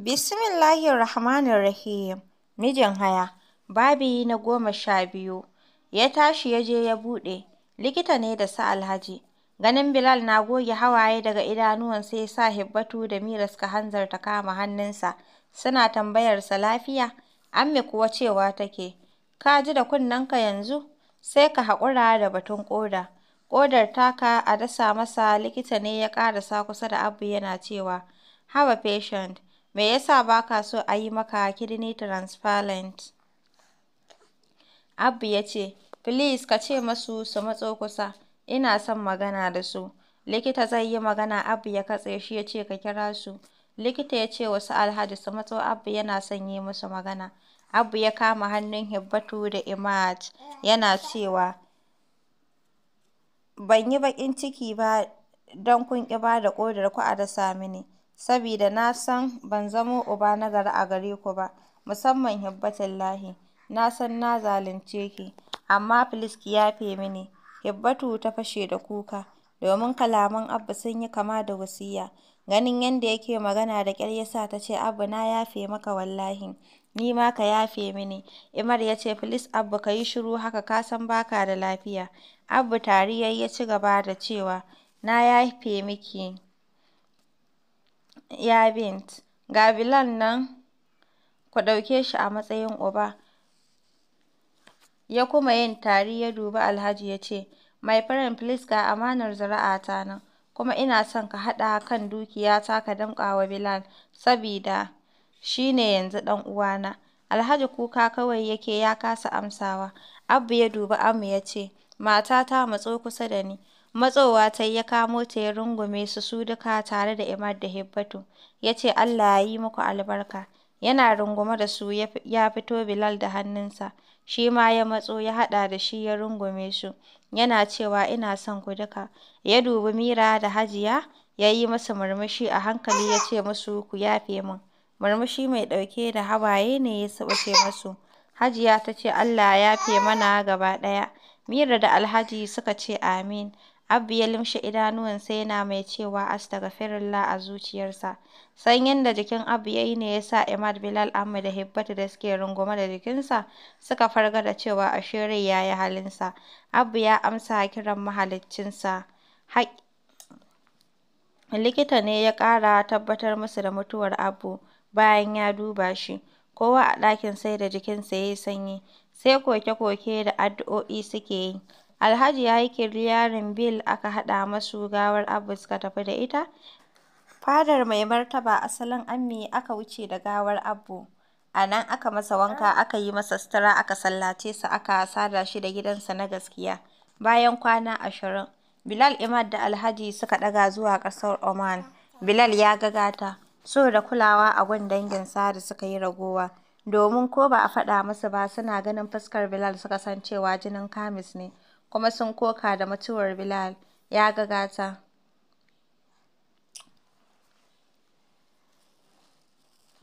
Bismillahirrahmanirrahim. Mijin haya, babi na goma sha biyu. Ya tashi ya je ya buɗe. Likita ne da sa Alhaji. Ganin Bilal na goge hawaye daga idanuwansa ya sa Hibbatu da Mira suka ta kama hannunsa. Suna tambayarsa lafiya. Amme kuwa cewa take, ka ji da kunnenka yanzu? Sai ka haƙura da batun ƙoda. Ƙodar taka a dasa masa likita ne ya ƙarasa kusa da Abu yana cewa, have a patient. Me yasa ba ka so a yi maka kidney transplant? Abba ya ce, Please ka ce masu su matso kusa, ina son magana da su. Likita zai yi magana Abba ya katse shi ya ce ka kira su. Likita ya ce wasu Alhaji su matso Abba yana son yi musu magana. abu ya kama hannun Hibbatu da Imad yana cewa, Ban yi baƙin ciki ba don kun ƙi ba da ƙodar ku a sami mini. Sabida na san ban zamo uba nagari a gare ku ba, musamman Hibbatullahi, na san na zalunce ki, amma filis ya yafe mini.” Hibbatu ta fashe da kuka, domin kalaman Abba sun yi kama da wasiya, ganin yadda yake magana da ƙyar ya sa ta ce, “Abba na yafe maka wallahi, ni ma ka yafe mini.” Imar ya ce, Filis Abba ka yi shiru haka ka san baka da lafiya.” Abba tari ya ya ci gaba da cewa, “Na yafe miki.” Ya Bint, ga Bilal nan ku ɗauke shi a matsayin uba. Ya kuma yin tari ya dubi Alhaji ya ce, My friend please ga amanar zuri'ata nan, kuma ina son ka haɗa kan dukiyata ka damƙa wa Bilal, sabida shi ne yanzu ɗan uwana. Alhaji kuka kawai yake ya kasa amsawa. Abba ya dubi Amu ya ce, Matata matso kusa da ni. Matsowa ta yi, ya kamo ta ya rungume su su duka tare da Imad da Hibbatu. ya ce, Allah ya yi muku albarka. Yana rungume da su, ya fito Bilal da hannunsa, shi ma ya matso, ya haɗa da shi ya rungume su, yana cewa, Ina son ku duka. Ya dubi Mira da Hajiya, ya yi masa murmushi a hankali ya ce musu, Ku yafe min. Murmushi mai ɗauke da hawaye ne ya saba ce musu. Hajiya ta ce, Allah ya yafe mana gaba ɗaya. Mira da Alhaji suka ce, Amin. abu ya limshe idanuwansa yana mai cewa "Astaghfirullah" a zuciyarsa. Sanyin da jikin abu ya yi ne ya sa Imad Bilal Ahmed da Hibbatu da suke rungume da jikinsa suka farga da cewa ashe rai ya yi halinsa. abu ya amsa kiran mahaliccinsa. Likita ne ya ƙara tabbatar musu da mutuwar Abu, bayan ya duba shi. Kowa a ɗakin sai da jikinsa ya yi sanyi, sai koke-koke da addu'o'i suke yi. Alhaji ya yi kiliyarin bil aka haɗa masu gawar Abba suka tafi da ita fadar Mai Martaba Asalin Ammi aka wuce da gawar Abbo, a nan aka masa wanka aka yi masa sutura aka sallace sa aka sada shi da gidansa na gaskiya, bayan kwana ashirin, Bilal imad da Alhaji suka ɗaga zuwa ƙasar Oman, Bilal ya gagata so da kulawa a gun dangin sada suka yi ragowa, domin ko ba a faɗa musu ba suna ganin fuskar Bilal suka san cewa jinin kamis ne. kuma sun koka da mutuwar Bilal, ya gagata.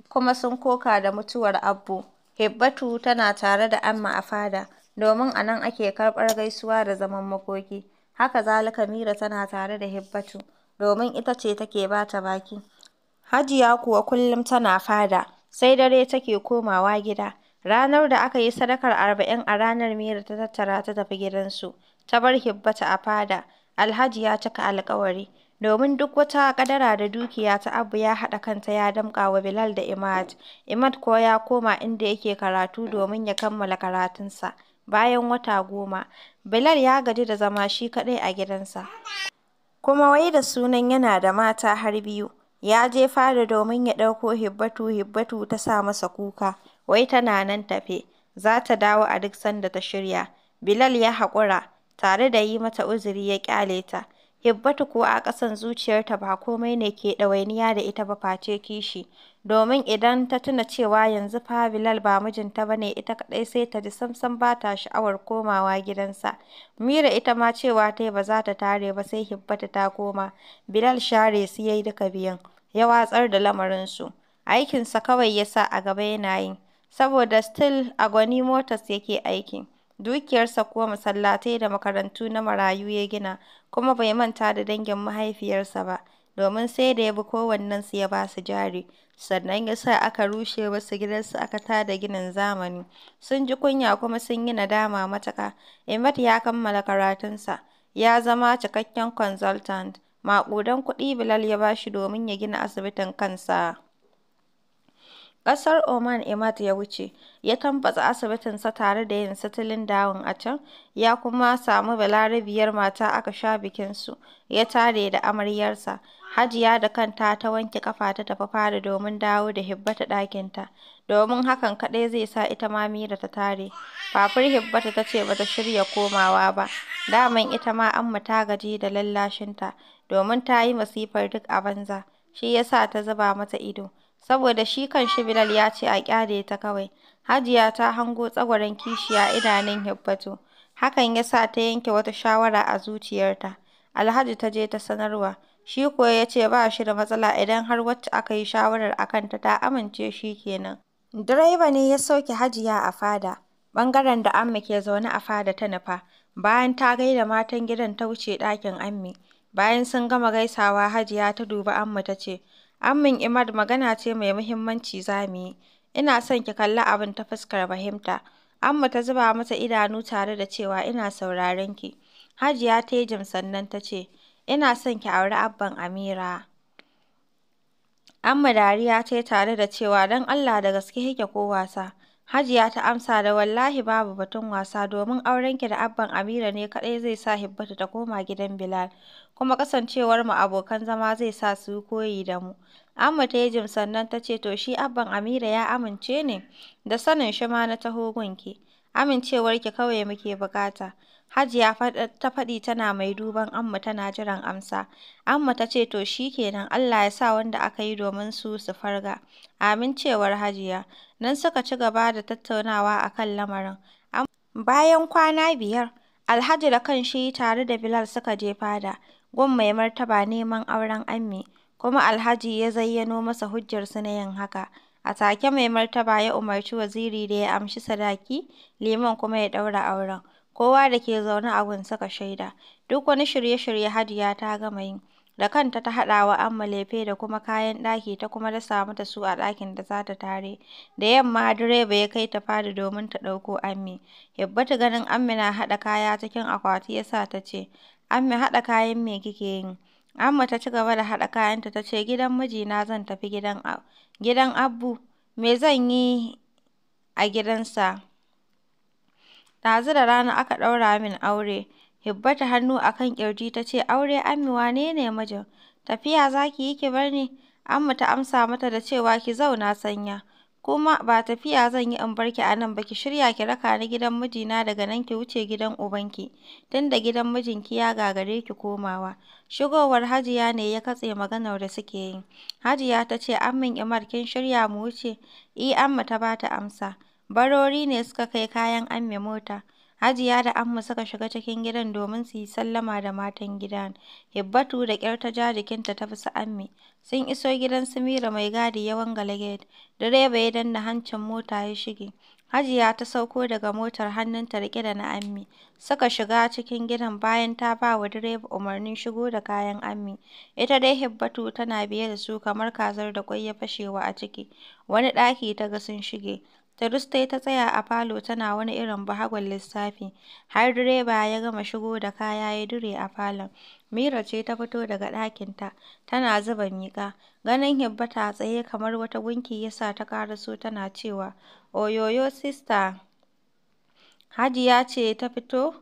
kuma sun koka da mutuwar Abbo. Hibbatu tana tare da Amma a fada, domin a nan ake karɓar gaisuwa da zaman makoki. Haka zalika Mira tana tare da Hibbatu, domin ita ce take ba ta baki. Hajiya kuwa kullum tana fada, sai dare take komawa gida. Ranar da aka yi sadakar arba'in a ranar Mira ta tattara ta tafi gidansu, ta bar hibbata a fada. Alhaji ya cika alƙawari, domin duk wata kadara da dukiya ta Abu ya haɗa kanta ya damƙa wa Bilal da Imad. Imad kuwa ya koma inda yake karatu domin ya kammala karatunsa. Bayan wata goma, Bilal ya gaji da zama shi kaɗai a gidansa. Kuma wai da sunan yana da mata har biyu. Ya je fada domin ya ɗauko Hibbatu, Hibbatu ta sa masa kuka. wai tana nan tafe, za ta dawo a duk sanda ta shirya. Bilal ya haƙura, tare da yi mata uzuri ya ƙyale ta. Hibbatu kuwa a ƙasan zuciyarta ba komai ne ke ɗawainiya da ita ba face kishi, domin idan ta tuna cewa yanzu fa Bilal ba mijinta ba ne ita kaɗai sai ta ji samsam ba ta sha'awar komawa gidansa. Mira ita ma cewa ta ba za ta tare ba sai Hibbatu ta koma. Bilal share su ya duka biyan, ya watsar da lamarinsu. Aikinsa kawai ya sa a gaba yana yi. saboda Still a Gwani motas yake aiki, dukiyarsa kuwa masallatai da makarantu na marayu ya gina, kuma bai manta da dangin mahaifiyarsa ba, domin sai da ya bi kowannensu ya ba su jari, sannan ya sa aka rushe wasu gidansu aka da ginin zamani, sun ji kunya kuma sun yi nadama matuka. Imad ya kammala karatunsa, ya zama cikakken consultant, maƙudan kuɗi Bilal ya ba shi domin ya gina asibitin kansa. Ƙasar Oman Imad ya wuce, ya tambatsa asibitinsa tare da yin sitilin dawun a can, ya kuma samu Balarabiyar mata aka sha bikinsu, ya tare da amaryarsa. Hajiya da kanta ta wanke ƙafa ta tafi fada domin dawo da Hibbata ɗakinta, domin hakan kaɗai zai sa ita ma Mira ta tare. Fafur Hibbatu ta ce ba ta shirya komawa ba, daman ita ma Amma ta gaji da lallashinta, domin ta yi masifar duk a banza, shi ya sa ta zuba mata ido. saboda shi kanshi Bilal ya ce a kyade ta kawai. Hajiya ta hango tsagwaron kishiya idanun Hibbatu, hakan ya sa ta yanke wata shawara a zuciyarta. Alhaji ta je ta sanarwa, shi kuwa ya ce ba shi da matsala idan har wacce aka yi shawarar a kanta ta amince shi kenan. Direba ne ya sauke Hajiya a fada, Bangaren da Amma ke zaune a fada ta nufa, bayan ta gaida matan gidan ta wuce ɗakin Ammi. Bayan sun gama gaisawa Hajiya ta duba Amma ta ce, Ammin Imad magana ce mai muhimmanci za mu yi, ina son ki kalli abin ta fuskar fahimta. Amma ta zuba mata idanu tare da cewa ina sauraron ki. Hajiya ta yi jim sannan ta ce, ina son ki auri Abban Amira. Amma dariya ta yi tare da cewa don Allah da gaske kike ko wasa. Hajiya ta amsa da wallahi babu batun wasa domin aurenki da Abban Amira ne kaɗai zai sa Hibbatu ta koma gidan Bilal. kuma kasancewar kasancewarmu abokan zama zai sa su koyi da mu. Amma ta yi jim sannan ta ce, to shi Abban Amira ya amince ne? Da sanin shi ma na taho gunki. ki kawai muke bukata Hajiya ta faɗi tana mai duban Amma tana jiran amsa. Amma ta ce to shi kenan Allah ya sa wanda aka yi domin su su farga. Amincewar Hajiya. Nan suka ci gaba da tattaunawa a kan lamarin. Bayan kwana biyar, Alhaji da kan shi tare da Bilal suka je fada. gun Mai Martaba neman auren Ammi, kuma Alhaji ya zayyano masa hujjarsu na yin haka, a take Mai Martaba ya umarci Waziri da ya amshi sadaki, Liman kuma ya ɗaura auren, kowa da ke zaune a gun saka shaida, duk wani shirye-shirye Hadiya ta gama yi, da kanta ta haɗa wa Amma lefe da kuma kayan ɗaki ta kuma samu ta su a ɗakin da za ta tare, da yamma direba ya kai ta fadi domin ta ɗauko Ammi, Hibbatu ganin Ami na haɗa kaya cikin akwati ya sa ta ce ammi haɗa kayan me kike yi? Amma ta ci gaba da haɗa kayanta ta ce gidan mijina zan tafi gidan Abbu, me zan yi a gidansa? Ɗazu da rana aka ɗaura min aure. Hibba hannu a kan ƙirji ta ce aure Ammi wane ne mijin? Tafiya za ki yi ki bar ni? Amma ta amsa mata da cewa ki zauna Sanya. kuma ba tafiya zan yi in barki a nan ba ki shirya ki raka ni gidan mijina daga nan ki wuce gidan ubanki da gidan mijinki ya gagare ki komawa shigowar Hajiya ne ya katse maganar da suke yi Hajiya ta ce ammin Imar kin shirya mu wuce i eh, amma ta bata amsa barori ne suka kai kayan amme mota Hajiya da Ammu suka shiga cikin gidan domin su yi sallama da matan gidan. Hibbatu da ƙyar ta ja jikinta ta fi su Ammi. Sun iso gidan su mai gadi yawan wangale Direba ya danna hancin mota ya shige. Hajiya ta sauko daga motar hannunta riƙe da na Ammi. Suka shiga cikin gidan bayan ta ba wa direba umarnin shigo da kayan Ammi. Ita dai Hibbatu tana biye da su kamar kazar da ƙwai ya fashewa a ciki. Wani ɗaki ta ga sun shige. Thursday ta tsaya a falo tana wani irin bahagwan lissafi har direba ya gama shigo da kaya ya dure a falon. Mira ce ta fito daga ɗakinta, tana zuba miƙa. Ganin Hibba ta tsaye kamar wata gunki ya sa ta ƙaraso tana cewa, oyoyo sista! Hajiya ce ta fito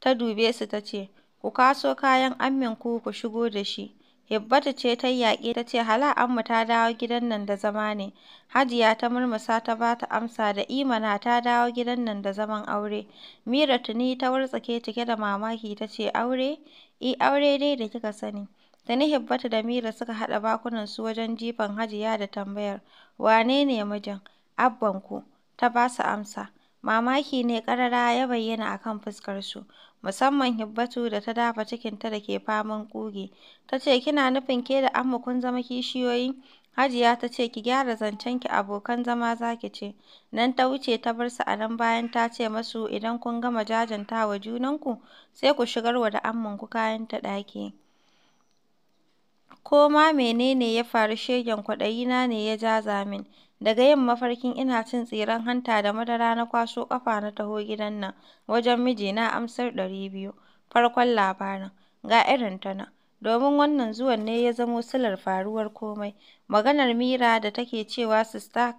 ta dube su ta ce, ku kaso kayan amminku ku shigo da shi. Hibbatu ce ta yi yaƙi ta ce hala ta dawo gidan nan da zama ne. Hajiya ta murmusa ta ba ta amsa da Imana ta dawo gidan nan da zaman aure. Mira tuni ta wartsake cike da mamaki ta ce aure? I aure dai da kika sani. Tuni Hibbatu da Mira suka haɗa bakunansu wajen jifan Hajiya da tambayar wane ne mijin? Abbanku. Ta ba su amsa. Mamaki ne ƙarara ya bayyana a kan fuskarsu. musamman Hibbatu da ta dafa cikinta da ke faman ƙugi, ta ce, Kina nufin ke da amma kun zama kishiyoyi? Hajiya ta ce, Ki gyara zancen ki, abokan zama za ki ce. Nan ta wuce ta bar su a nan bayan ta ce masu idan kun gama jajanta wa junanku, sai ku shigar wa da ammanku kayanta ɗaki. Ko ma menene ya faru shegen kwaɗayina ne ya jaza min. Daga yin mafarkin ina cin tsiren hanta da madara na kwaso ƙafa na taho gidan nan wajen mijina amsar ɗari biyu, farkon labarin, ga irin ta nan. Domin wannan zuwan ne ya zamo silar faruwar komai. Maganar Mira da take cewa “Sista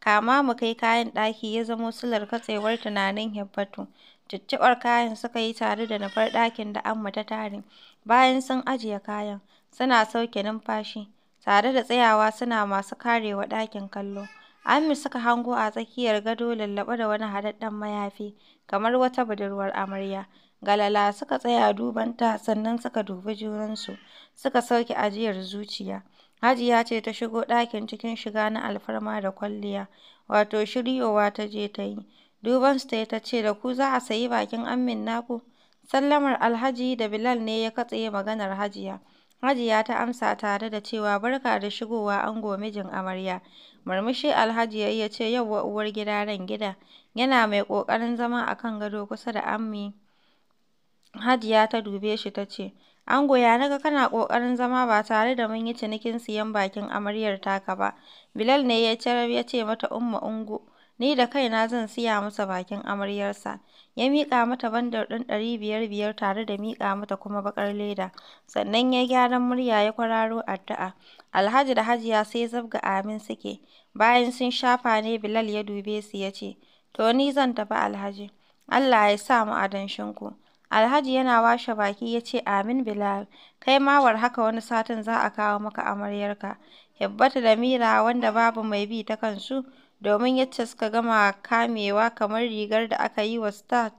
kama mu kai kayan ɗaki” ya zamo silar katsewar tunanin hibbatu Cicciɓar kayan suka yi tare da nufar ɗakin da Amma ta tare, bayan sun ajiye kayan, suna sauke numfashi. tare da tsayawa suna masu karewa ɗakin kallo. Amir suka hango a tsakiyar gado lallaɓe da wani haɗaɗɗen mayafi kamar wata budurwar amarya. Galala suka tsaya duban ta sannan suka dubi junansu, suka sauke ajiyar zuciya. Hajiya ce ta shigo ɗakin cikin shiga na alfarma da kwalliya, wato shiryowa ta je ta yi. Dubansu ta ta ce, da ku za a sayi bakin amin naku? Sallamar Alhaji da Bilal ne ya katse maganar Hajiya. Hajiya ta amsa tare da cewa, "Barka da shigowa ango mijin amarya." Murmushi Alhaji ya yi ya ce, uwar gida ran gida," yana mai ƙoƙarin zama a kan gado kusa da Ammi. Hajiya ta dube shi ta ce, "Ango ya na kana ƙoƙarin zama ba tare da mun yi cinikin siyan bakin amaryar taka ba." Bilal ne ya yi carab ya ce mata, "Umma ungo." Ni da kaina zan siya masa bakin amaryarsa. Ya miƙa mata bandar ɗin ɗari biyar-biyar tare da mika mata kuma baƙar leda. Sannan ya gyara murya ya kwararo addu'a. Alhaji da Hajiya sai zabga amin suke. Bayan sun shafa ne Bilal ya dube su ya ce, To ni zan tafi Alhaji. Allah ya sa mu a danshinku. Alhaji yana washe baki ya ce, Amin Bilal, kai ma war haka wani satin za a kawo maka amaryarka. Hibbata da Mira wanda babu mai bi ta kansu domin yadda suka gama kamewa kamar rigar da aka yi wa Stark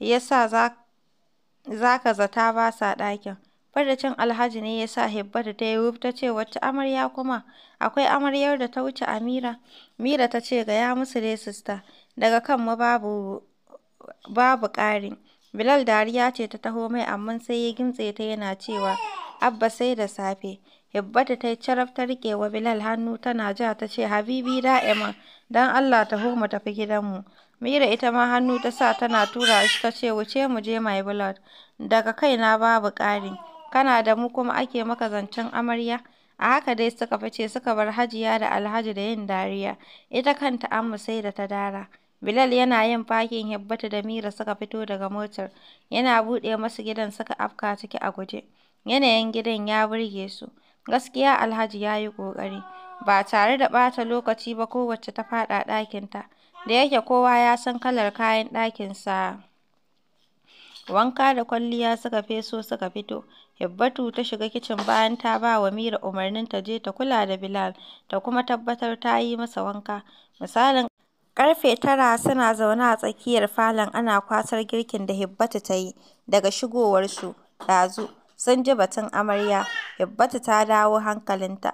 ya sa za ka zata ba sa ɗakin. Fadacin Alhaji ne ya sa da ta yi wuf ce, wacce amarya kuma? Akwai amaryar da ta wuce Amira? Mira ta ce, gaya musu dai sista, daga kan babu babu ƙari. Bilal dariya ce ta taho mai amma sai ya gimtse ta yana cewa, Abba sai da safe. Hibbata ta yi caraf ta riƙe wa Bilal hannu tana ja ta ce, Habibi da'ima don Allah ta mu tafi gidanmu. Mira ita ma hannu ta sa tana tura shi ta ce, Wuce mu je my blood, daga kaina babu ƙari, kana da mu kuma ake maka zancen amarya. A haka dai suka fice suka bar Hajiya da Alhaji da yin dariya, ita kanta Amma sai da ta dara. Bilal yana yin fakin Hibbatu da Mira suka fito daga motar, yana buɗe masu gidan suka afka ciki a guje. Yanayin gidan ya burge su. Gaskiya Alhaji ya yi ƙoƙari, ba tare da ɓata lokaci ba kowacce ta faɗa ɗakinta, da yake kowa ya san kalar kayan ɗakinsa. Wanka da kwalliya suka feso suka fito, Hibbatu ta shiga kicin bayan ta ba wa Mira umarnin ta je ta kula da Bilal ta kuma tabbatar ta yi masa wanka. Misalin Karfe tara suna zaune a tsakiyar falon ana kwasar girkin da Hibbatu ta yi daga shigowarsu ɗazu. sun ji batun amarya, Hibatu ta dawo hankalinta.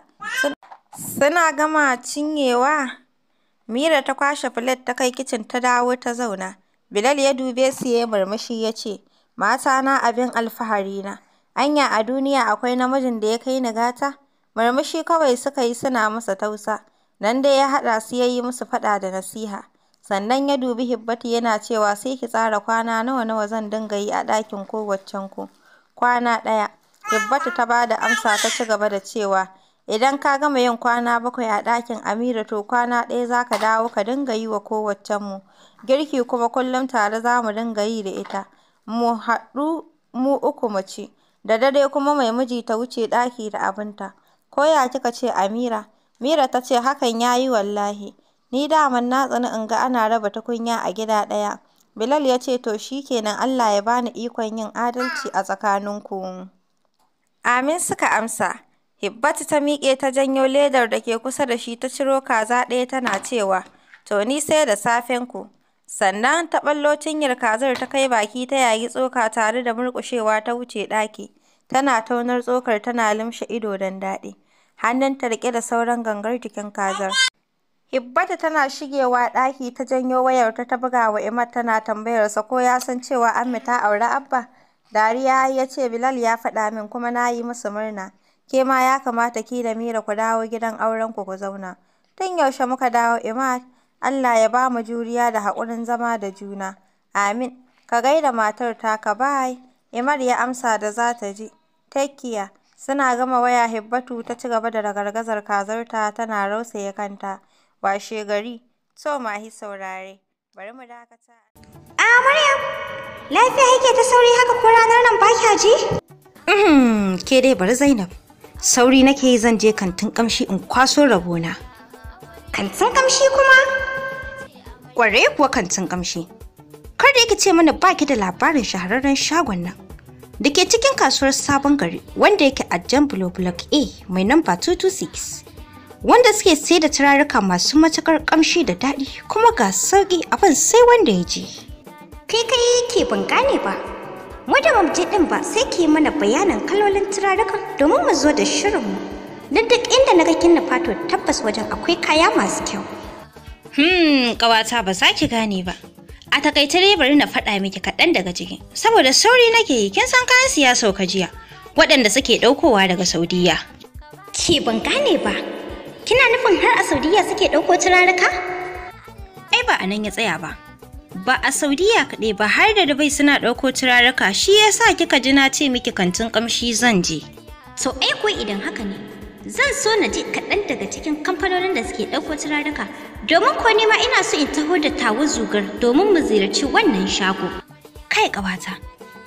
Suna gama cinyewa, Mira ta kwashe filet ta kai kicin ta dawo ta zauna. Bilal ya dube su ya murmushi ya ce, na abin alfahari na. anya a duniya akwai namijin da ya kai ni gata? Murmushi kawai suka yi suna masa tausa. Nan dai ya haɗa su yayi musu faɗa da nasiha. Sannan ya dubi Hibbatu yana cewa sai ki tsara kwana nawa-nawa zan dinga yi a ɗakin kowaccen ku. kwana ɗaya, Hibbatu ta ba da amsa ta ci gaba da cewa, "Idan ka gama yin kwana bakwai a ɗakin Amira to kwana ɗaya za ka dawo ka dinga yi wa mu. girki kuma kullum tare za mu dinga yi da ita, mu haɗu mu uku mu ci, da dare kuma mai miji ta wuce ɗaki da abinta, ko ya kika ce Amira?" Mira ta ce, "Hakan ya yi wallahi, ni daman na tsani in ga ana raba tukunya a gida ɗaya. Bilal ya ce to shi kenan Allah ya bani ikon yin adalci a tsakaninku. Amin suka amsa. Hibbatu ta miƙe ta janyo ledar da ke kusa da shi ta ciro kaza ɗaya tana cewa, to ni sai da safen ku. Sannan ta ɓallo cinyar kazar ta kai baki ta yayi tsoka tare da murƙushewa ta wuce ɗaki. Tana taunar tsokar tana limshe ido don daɗi. hannun ta riƙe da sauran gangar jikin kazar. Hibbatu tana shigewa ɗaki ta janyo wayarta ta buga wa Imad tana tambayarsa ko ya san cewa Ammi ta auri Abba. Dariya ya ce Bilal ya faɗa min kuma na yi musu murna. Ke ma ya kamata ki da Mira ku dawo gidan auren ku ku zauna. Tun yaushe muka dawo Imad? Allah ya ba mu juriya da haƙurin zama da juna. Amin. Ka gaida matar ta ka bai. Imar ya amsa da za ta ji. Takkiya Suna gama waya Hibbatu ta ci gaba da ragargazar kazarta tana rausaye kanta. washegari. ma mahi saurare, bari mu dakata. A Maryam, lafiya yake ta sauri haka ko ranar nan ba kya ji? Mm-hmm, ke dai bari Zainab. Sauri nake yi zan je kantin kamshi in kwaso rabona. Kantin kamshi kuma? Kware kuwa kantin kamshi. Kar da yake ce mana baki da labarin shahararren shagon nan. Da ke cikin kasuwar sabon gari wanda yake a Jan Block A mai namba 226. wanda suke sai da turaruka masu matukar ƙamshi da daɗi kuma ga sauƙi abin sai wanda ya je. Kai kai ke ban gane ba, da mamje ɗin ba sai ke mana bayanan kalolin turarukan domin mu zo da shirinmu. Don duk inda na ga kin fato tabbas wajen akwai kaya masu kyau. Hmm, ƙawata ba za ki gane ba. A takaice dai bari na faɗa miki kaɗan daga jikin, saboda sauri nake yi kin san kayan sauka jiya, waɗanda suke ɗaukowa daga Saudiya. Ke ban gane ba, Kina nufin har a Saudiya suke ɗauko turaruka? Ai ba a nan ya tsaya ba. Ba a Saudiya kaɗai ba har da Dubai suna ɗauko turaruka shi ya sa kika ji na ce miki kantin ƙamshi zan je. To ai ko idan haka ne zan so na ji kaɗan daga cikin kamfanonin da suke ɗauko turaruka domin ko nima ina so in taho da tawo zugar domin mu ziyarci wannan shago. Kai ƙabata.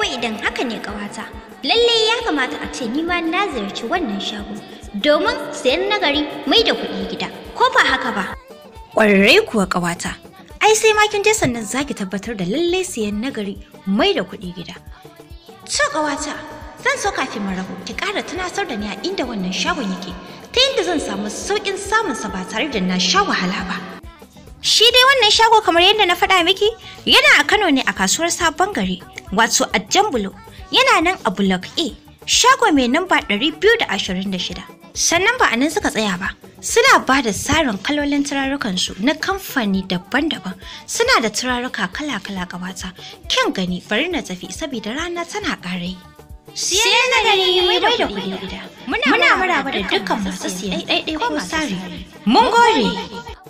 ko idan haka ne ƙawata lalle ya kamata a ce ni ma na ziyarci wannan shago domin sayan nagari mai da kuɗi gida ko ba haka ba ƙwararre kuwa ƙawata ai sai ma kin je sannan zaki tabbatar da lalle sayan nagari mai da kuɗi gida to ƙawata zan so kafin mu rabu ki ƙara tunasar da ni a inda wannan shagon yake ta yadda zan samu sauƙin samunsa ba tare da na sha wahala ba Shi dai wannan shago kamar yadda na faɗa miki yana a Kano ne a kasuwar sabon gari wato a Jambulo yana nan a Block A shago mai namba 226. Sannan ba a nan suka tsaya ba. Suna ba da tsarin kalolin turarukansu na kamfani daban-daban suna da turaruka kala-kala gabata kyan gani bari na tafi saboda rana tana ƙarai. Siyan na gani mai da kuɗi gida. Muna muraba da dukkan masu siyan ɗaiɗai ko tsari. Mun gore!